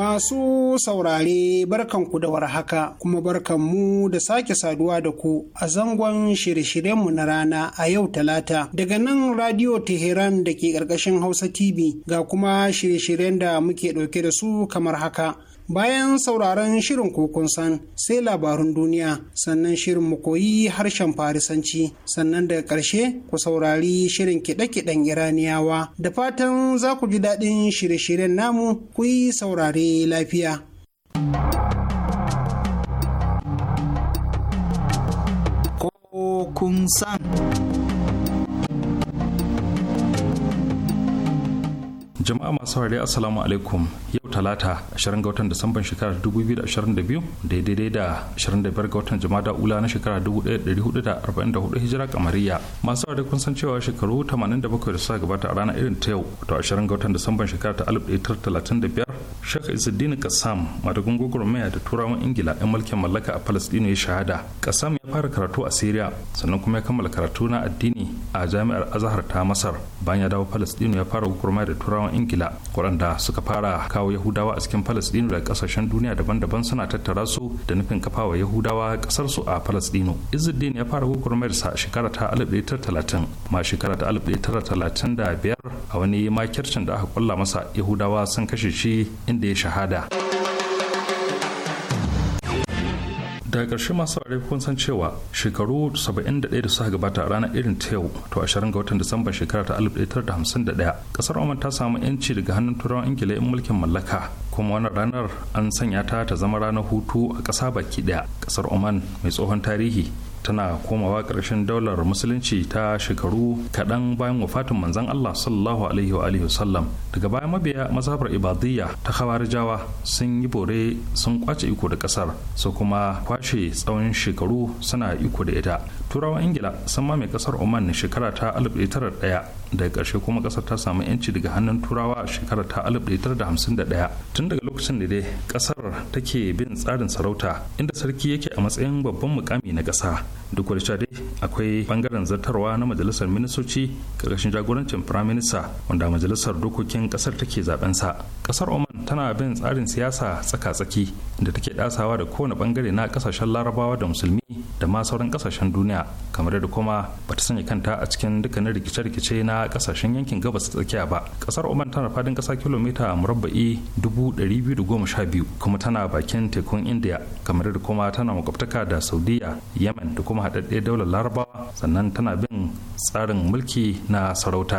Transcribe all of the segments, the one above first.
Masu saurare barkanku da warhaka kuma barkanmu da sake saduwa da ku a zangon shirye-shiryenmu na rana a yau talata daga nan Radio Teheran da ke ƙarƙashin Hausa TV ga kuma shirye-shiryen da muke ɗauke da su kamar haka. bayan sauraron shirin kokon san sai labarun duniya sannan shirin mu koyi harshen farisanci sannan daga ƙarshe ku saurari shirin kiɗe-kiɗen iraniyawa da fatan za ku ji daɗin shirye-shiryen namu ku yi saurare lafiya. Kokun san. jama'a masu hari assalamu alaikum talata 20 ga watan disamban shekarar 2022 daidai da 25 ga watan jumada ula na shekarar 1444 hijira kamariya masu aure kun san cewa shekaru 87 da suka gabata a ranar irin ta yau to 20 ga watan disamban shekarar ta 1935 shaka isuddin kassam madagun gwagwarmaya da turawan ingila 'yan mulkin mallaka a palestine ya shahada kassam ya fara karatu a syria sannan kuma ya kammala karatu na addini a jami'ar azhar ta masar bayan ya dawo palestine ya fara gwagwarmaya da turawan ingila waɗanda suka fara kawo yahudu yahudawa a cikin palestino da kasashen duniya daban-daban suna tattara su da nufin kafawa yahudawa kasar su a palestino izuddin ya fara gugurmayar sa shekara ta 1930 ma shekara ta 1935 a wani makircin da aka kulla masa yahudawa sun kashe shi inda ya shahada. da ƙarshe masu ware kun san cewa shekaru 71 da suka gabata ranar irin ta yau to 20 ga watan disamba shekara ta 1951 ƙasar oman ta samu yanci daga hannun turawan ingila in mulkin mallaka kuma wannan ranar an sanya ta ta zama ranar hutu a ƙasa baki ɗaya ƙasar oman mai tsohon tarihi tana komawa ƙarshen daular musulunci ta shekaru kaɗan bayan wafatin manzon Allah sallallahu alaihi wa alihi wasallam daga bayan mabiya masafar ibadiyya ta khawarijawa sun yi bore sun kwace iko da ƙasar su kuma kwashe tsawon shekaru suna iko da ita turawan ingila sun mame ƙasar oman shekara ta ɗaya. daga ƙarshe kuma ƙasar ta samu yanci daga hannun turawa a shekarar ta 1951 tun daga lokacin da dai ƙasar take bin tsarin sarauta inda sarki yake a matsayin babban mukami na ƙasa duk wani dai akwai bangaren zartarwa na majalisar ministoci karkashin jagorancin firayim minista wanda majalisar dokokin kasar take zaben sa kasar oman tana bin tsarin siyasa tsaka-tsaki da take ɗasawa da kowane bangare na kasashen larabawa da musulmi da ma sauran kasashen duniya kamar da kuma bata sanya kanta a cikin dukkanin rikice-rikice na kasashen yankin gabas tsakiya ba kasar oman tana fadin ƙasa kilomita murabba'i dubu biyu da goma sha biyu kuma tana bakin tekun india kamar da kuma tana makwabtaka da saudiya yemen da kuma kuma haɗaɗɗe daular larabawa sannan tana bin tsarin mulki na sarauta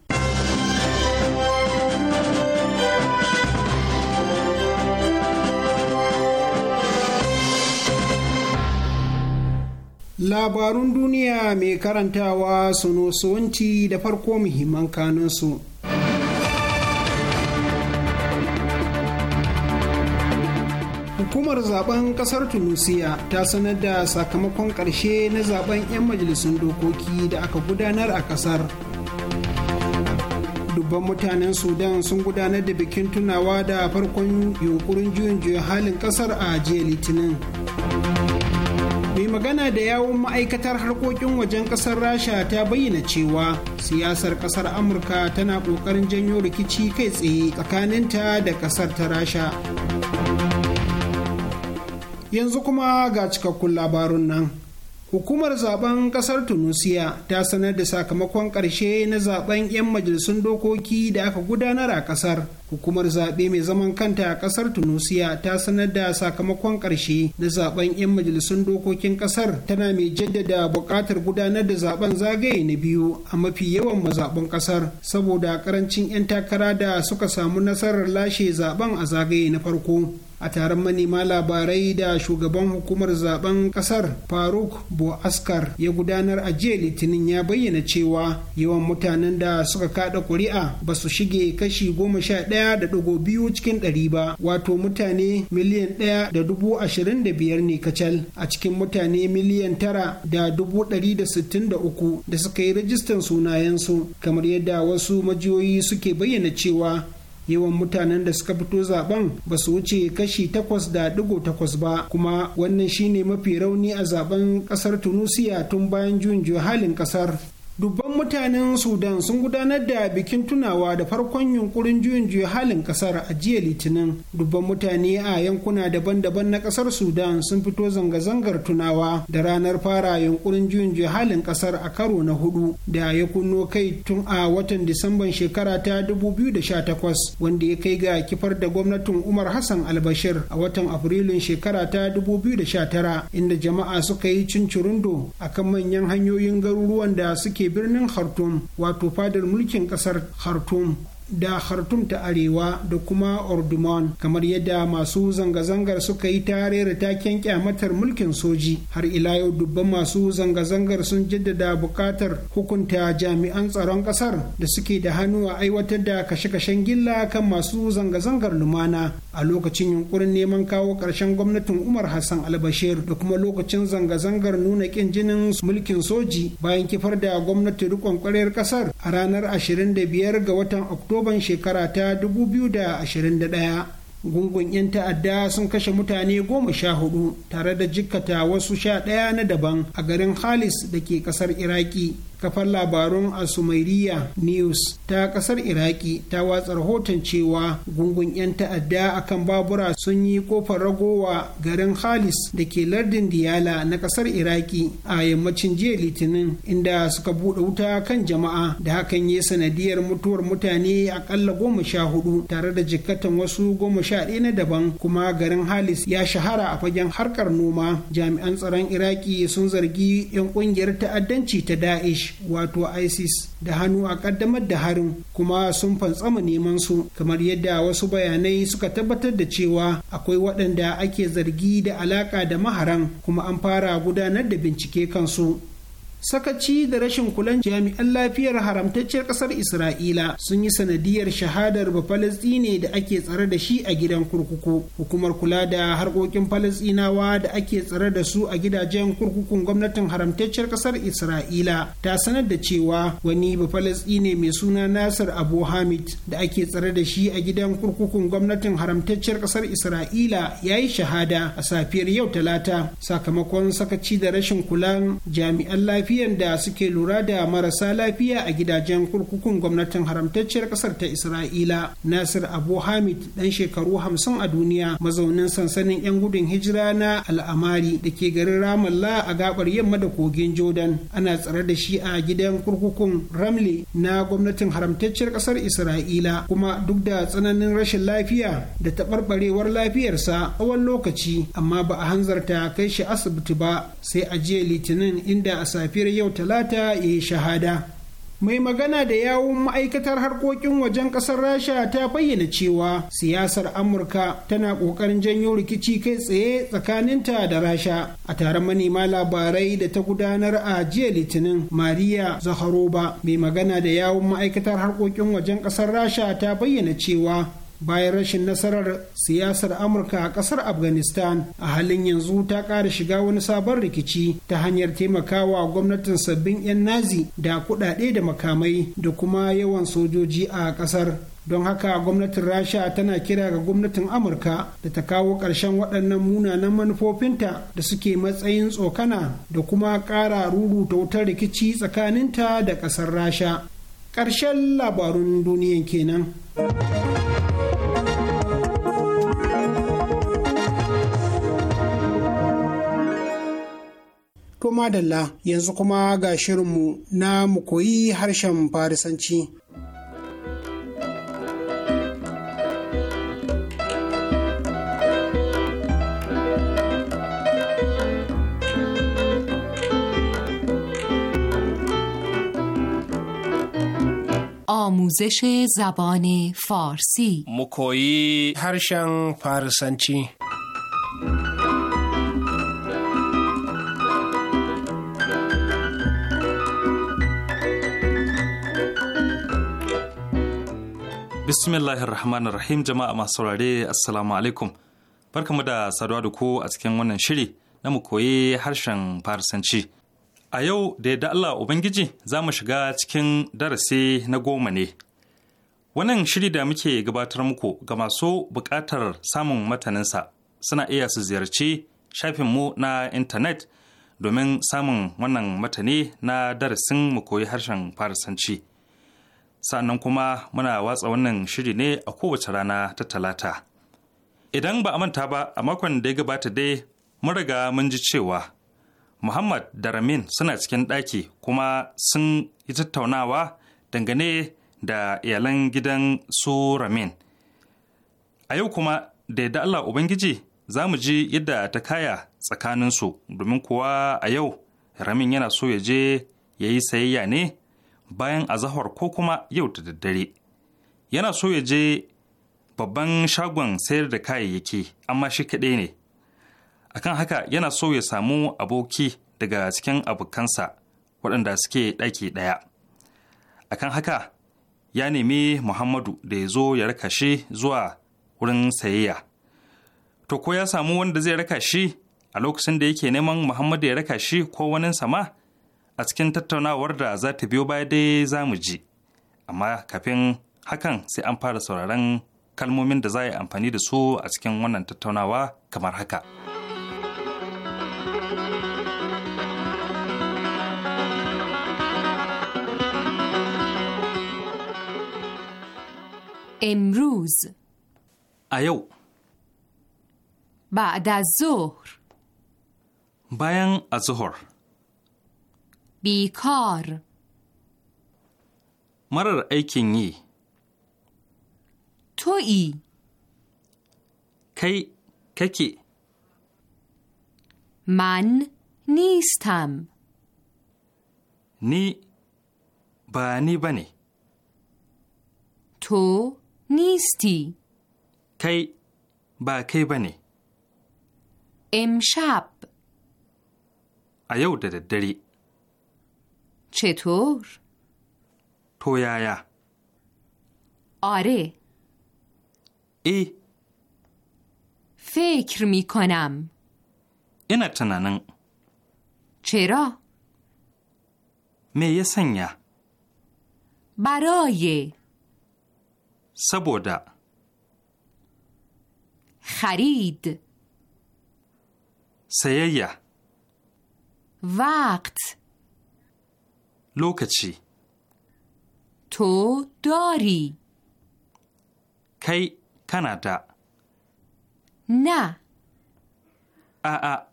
Labarun duniya mai karantawa suno suwanci da farko muhimman kanunsu. Hukumar zaben kasar Tunusiya ta sanar da sakamakon ƙarshe na zaben 'yan majalisun dokoki da aka gudanar a kasar. dubban mutanen sudan sun gudanar da bikin tunawa da farkon yunkurin juyin juya halin kasar a jiya litinin mai magana da yawun ma'aikatar harkokin wajen kasar rasha ta bayyana cewa siyasar kasar amurka tana kokarin janyo rikici kai tsaye tsakaninta da kasar ta rasha yanzu kuma ga cikakkun labarun nan hukumar zaben kasar tunisia ta sanar da sakamakon karshe na zaben 'yan majalisun dokoki da aka gudanar a kasar hukumar zaɓe mai zaman kanta a kasar tunisia ta sanar da sakamakon karshe na zaben 'yan majalisun dokokin kasar tana mai jaddada buƙatar gudanar da zaben zagaye na biyu a mafi yawan mazaɓin kasar saboda karancin 'yan takara da suka samu nasarar lashe zaben a zagaye na farko a taron manema labarai da shugaban hukumar zaben kasar faruk boaskar ya gudanar a jiya litinin ya bayyana cewa yawan mutanen da suka kada kuri'a ba su shige kashi goma sha ɗaya da dugo biyu cikin dari ba wato mutane miliyan ɗaya da dubu ashirin da biyar ne kacal a cikin mutane miliyan tara da dubu dari da sittin da uku da suka yi rajistan sunayensu kamar yadda wasu majiyoyi suke bayyana cewa yawan mutanen da suka fito zaben ba su wuce kashi takwas da digo takwas ba kuma wannan shine mafi rauni a zaben kasar tunusiya tun bayan juyin halin kasar dubban mutanen sudan sun gudanar da bikin tunawa da farkon yunkurin juyin juya halin kasar a jiya litinin dubban mutane a yankuna daban-daban na kasar sudan sun fito zanga-zangar tunawa da ranar fara yunkurin juyin juya halin kasar a karo na hudu da ya kunno kai tun a watan disamban shekara ta 2018 wanda ya kai ga kifar da gwamnatin umar hassan albashir a watan afrilun shekara ta 2019 inda jama'a suka yi cincirindo akan manyan hanyoyin garuruwan da suke birnin khartoum wato fadar mulkin kasar khartoum da Khartoum ta Arewa da kuma Orduman kamar yadda masu zanga-zangar suka yi tare da taken kyamatar mulkin soji har ila yau dubban masu zanga-zangar sun jaddada bukatar hukunta jami'an tsaron kasar da suke da hannu a aiwatar da kashe-kashen gilla kan masu zanga-zangar lumana a lokacin yunkurin neman kawo ƙarshen gwamnatin Umar Hassan Albashir da kuma lokacin zanga-zangar nuna kin jinin mulkin soji bayan kifar da gwamnati rikon kwarar kasar a ranar 25 ga watan Oktoba oktoban shekara ta 2021 gungun 'yan ta'adda sun kashe mutane goma sha hudu tare da jikkata wasu sha daya na daban a garin halis da ke kasar iraki kafar labarun asumairiya news ta kasar iraki ta watsa rahoton cewa gungun 'yan ta'adda a kan babura sun yi kofar ragowa garin halis da ke lardin diyala na kasar iraki a yammacin jiya litinin inda suka buɗe wuta kan jama'a da hakan ya sanadiyar mutuwar mutane akalla goma sha hudu tare da jikkatan wasu goma sha na daban kuma garin halis ya shahara a fagen harkar noma jami'an tsaron iraki sun zargi 'yan ƙungiyar ta'addanci ta da'ish wato isis da hannu a kaddamar da harin kuma sun fantsama neman su kamar yadda wasu bayanai suka tabbatar da cewa akwai waɗanda ake zargi da alaka da maharan kuma an fara gudanar da bincike kansu sakaci da rashin kulan jami'an lafiyar haramtacciyar kasar isra'ila sun yi sanadiyar shahadar bafalastine da ake tsare da shi a gidan kurkuku hukumar kula da harkokin falastinawa da ake tsare da su a gidajen kurkukun gwamnatin haramtacciyar kasar isra'ila ta sanar da cewa wani bafalastine mai suna nasir abu hamid da ake tsare da shi a gidan kurkukun gwamnatin haramtacciyar kasar isra'ila ya yi shahada a safiyar yau talata sakamakon sakaci da rashin kulan jami'an lafiyar lafiyan da suke lura da marasa lafiya a gidajen kurkukun gwamnatin haramtacciyar kasar ta isra'ila nasir abu hamid dan shekaru hamsin a duniya mazaunin sansanin yan gudun hijira na al'amari da ke garin ramallah a gabar yamma da kogin jordan ana tsare da shi a gidan kurkukun ramle na gwamnatin haramtacciyar kasar isra'ila kuma duk da tsananin rashin lafiya da taɓarɓarewar lafiyarsa tsawon lokaci amma ba a hanzarta kai shi asibiti ba sai a jiya litinin inda a safiya safiyar yau talata ya yi shahada mai magana da yawun ma'aikatar harkokin wajen ƙasar rasha ta bayyana cewa siyasar amurka tana ƙoƙarin janyo rikici kai tsaye tsakaninta da rasha a taron manema labarai da ta gudanar a jiya litinin maria zaharoba mai magana da yawun ma'aikatar harkokin wajen ƙasar rasha ta bayyana cewa bayan rashin nasarar siyasar amurka a kasar afghanistan a halin yanzu ta ƙara shiga wani sabon rikici ta hanyar taimakawa gwamnatin sabbin 'yan nazi da kuɗaɗe da makamai da kuma yawan sojoji a kasar don haka gwamnatin rasha tana kira ga gwamnatin amurka da ta kawo ƙarshen waɗannan munanan manufofinta da suke matsayin tsokana da kuma ƙara ruruta wutar rikici tsakaninta da ƙasar rasha ƙarshen labarun duniyan kenan. madalla yanzu kuma ga shirinmu na mu koyi harshen Farisanci. آموزش زبان فارسی مکویی هرشن فارسنچی bismillahir rahmanir rahim jama'a masu saurare assalamu alaikum barkamu da saduwa da ku a cikin wannan shiri na mu koyi harshen farsanci a yau da yadda allah ubangiji za mu shiga cikin darasi na goma ne wannan shiri da muke gabatar muku ga masu buƙatar samun mataninsa suna iya su ziyarci shafinmu na intanet domin samun wannan matane na darasin mu koyi harshen farsanci. Sannan kuma muna watsa wannan shiri ne a kowace rana ta talata. Idan ba a manta ba a makon da ya gabata dai mun riga mun ji cewa Muhammad da Ramin suna cikin ɗaki kuma sun yi tattaunawa dangane da iyalan gidan su Ramin. A yau kuma da yadda Allah Ubangiji za mu ji yadda ta kaya tsakaninsu domin kuwa a yau Ramin yana so ya je ya yi sayayya ne bayan azahar ko kuma yau da daddare yana so ya je babban shagon sayar da kayayyaki amma shi kaɗai ne akan haka yana so ya samu aboki daga cikin abokansa waɗanda suke ɗaki ɗaya akan haka ya nemi muhammadu da ya zo ya raka shi zuwa wurin sayayya to ko ya samu wanda zai raka shi a lokacin da yake neman muhammadu ya raka shi ko wani sama a cikin tattaunawar da za ta biyo baya dai za mu ji amma kafin hakan sai an fara sauraron kalmomin da za a yi amfani da su a cikin wannan tattaunawa kamar haka. امروز ایو بعد از ظهر بیان از ظهر بیکار مرر ایکن تو ای کی ککی من نیستم نی با نی بنی تو نیستی کی با کی بنی امشب ایو دددری چطور؟ تو آره ای فکر می کنم اینا تنانن چرا؟ می سنیا برای سبودا خرید سیه وقت Lokaci. To dori. Kai kana da. Na. A'a.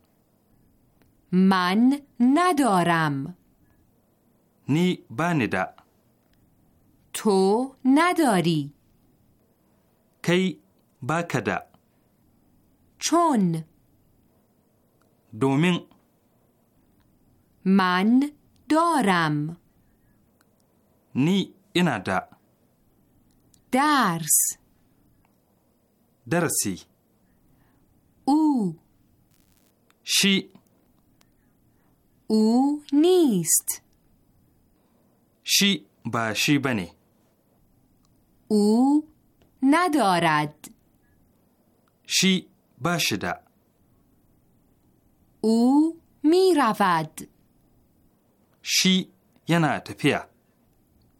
Man na doram. Ni bani da. To na dori. Kai ba ka da. Con. Domin. Man دارم نی اینا دا درس درسی او شی او نیست شی با شی بنه او ندارد شی باشده او می رود شی ینا تپیا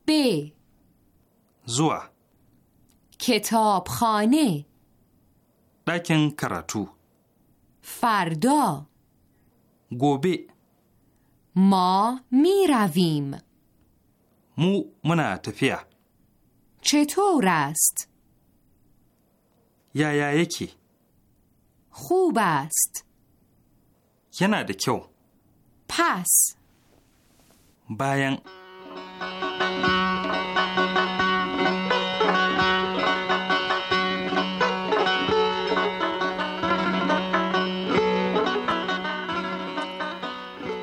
ب زوا خانه دکن کراتو فردا گوبه ما می رویم مو منا چطور است؟ یا یا یکی خوب است یه نده پس bayan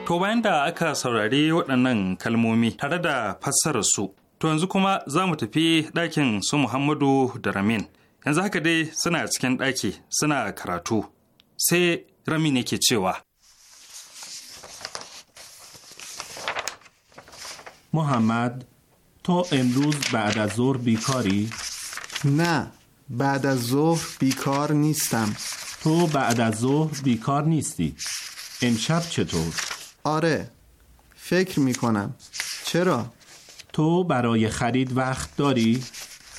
To bayan da aka saurari waɗannan kalmomi tare da fassararsu, to yanzu kuma za mu tafi ɗakin su Muhammadu da Ramin. Yanzu haka dai suna cikin ɗaki suna karatu, sai Ramin yake cewa. محمد تو امروز بعد از ظهر بیکاری؟ نه بعد از ظهر بیکار نیستم تو بعد از ظهر بیکار نیستی امشب چطور؟ آره فکر می کنم چرا؟ تو برای خرید وقت داری؟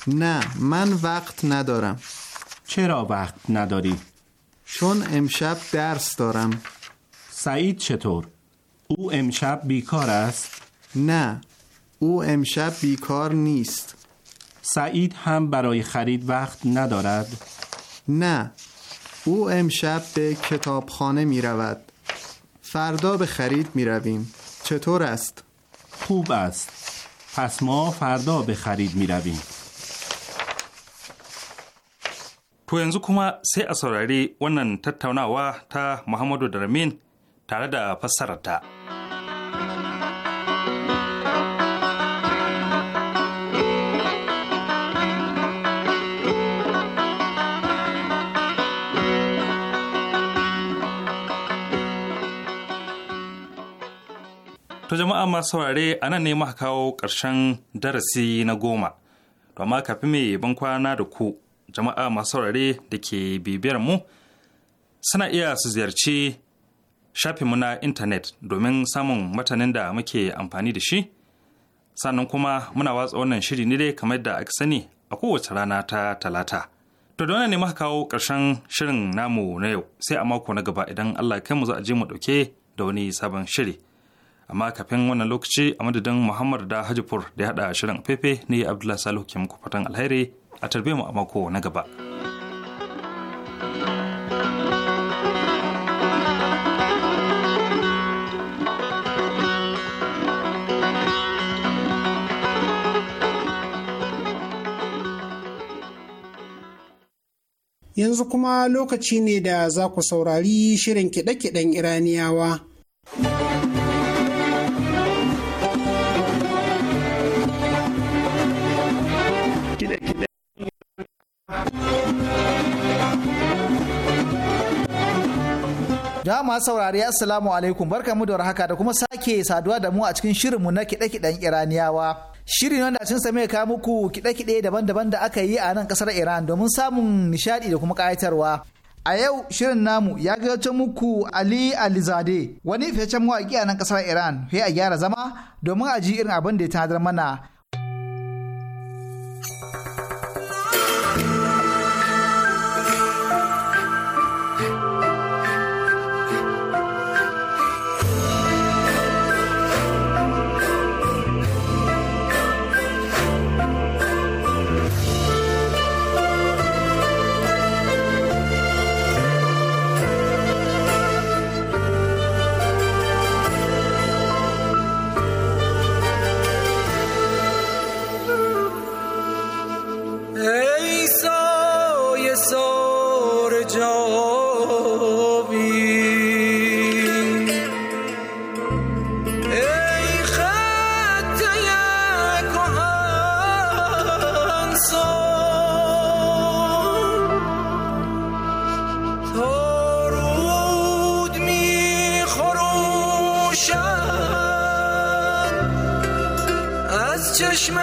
نه من وقت ندارم چرا وقت نداری؟ چون امشب درس دارم سعید چطور؟ او امشب بیکار است؟ نه او امشب بیکار نیست سعید هم برای خرید وقت ندارد؟ نه او امشب به کتابخانه می رود فردا به خرید می رویم چطور است؟ خوب است پس ما فردا به خرید می رویم To yanzu سه sai ونن saurari wannan tattaunawa درمین Muhammadu Darmin tare da To jama'a masu saurare a nan ne muka kawo ƙarshen darasi na goma. To amma kafin mai ban kwana da ku jama'a masu saurare da ke bibiyar mu suna iya su ziyarci shafinmu na intanet domin samun matanin da muke amfani da shi. Sannan kuma muna watsa wannan shiri ne dai kamar da aka sani a kowace rana ta talata. To da wannan ne muka kawo ƙarshen shirin namu na yau sai a mako na gaba idan Allah kai mu za a je mu ɗauke da wani sabon shiri. amma kafin wannan lokaci a madadin muhammad da hajifur da ya haɗa shirin fefe ne abdullahi salihu ke muku fatan alheri a tarbe mu a mako na gaba. yanzu kuma lokaci ne da za ku saurari shirin kiɗe-kiɗen iraniyawa jama'a masu saurari assalamu alaikum barkamu da warhaka da kuma sake saduwa da mu a cikin shirinmu na kiɗe-kiɗen iraniyawa shirin wanda cin sa ka muku kiɗe-kiɗe daban-daban da aka yi a nan ƙasar iran domin samun nishaɗi da kuma ƙayatarwa a yau shirin namu ya gayyace muku ali alizade wani fitaccen mawaƙi a nan ƙasar iran sai a gyara zama domin a ji irin abin da ya tanadar mana چشم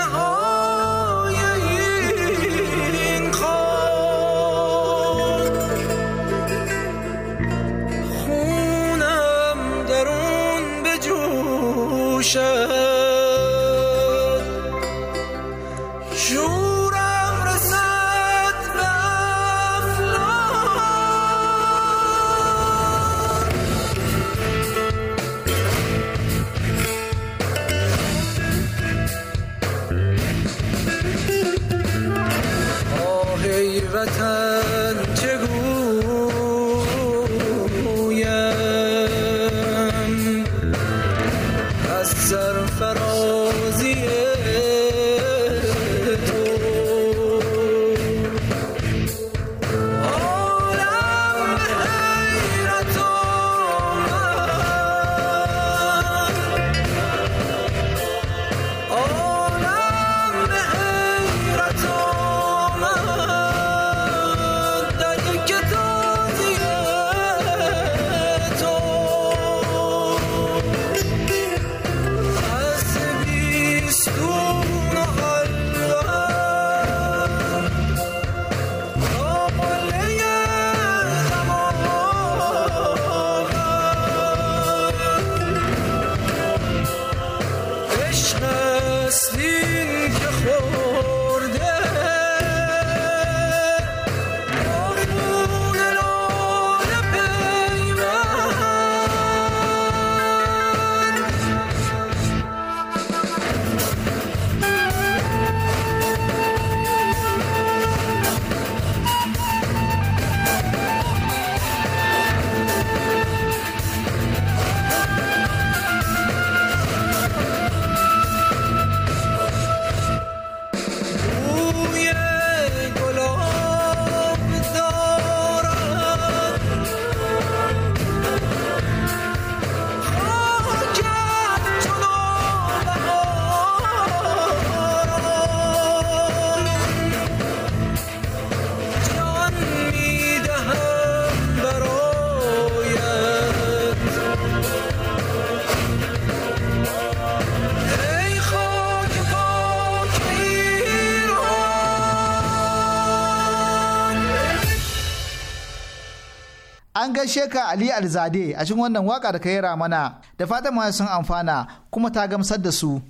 an gaishe ka Ali Alzade a cikin wannan waka da ka yara mana da fatan ma sun amfana kuma ta gamsar da su.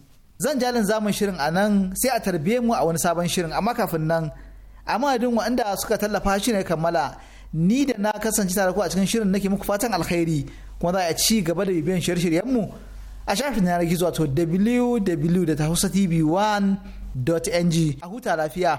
Zan jalin zamun shirin a nan sai a tarbiye mu a wani sabon shirin amma kafin nan a madadin waɗanda suka tallafa shi ne kammala ni da na kasance tare ku a cikin shirin nake muku fatan alkhairi kuma za a ci gaba da bibiyan shirye-shiryen mu a shafin yanar gizo to www.hausatv1.ng a huta lafiya.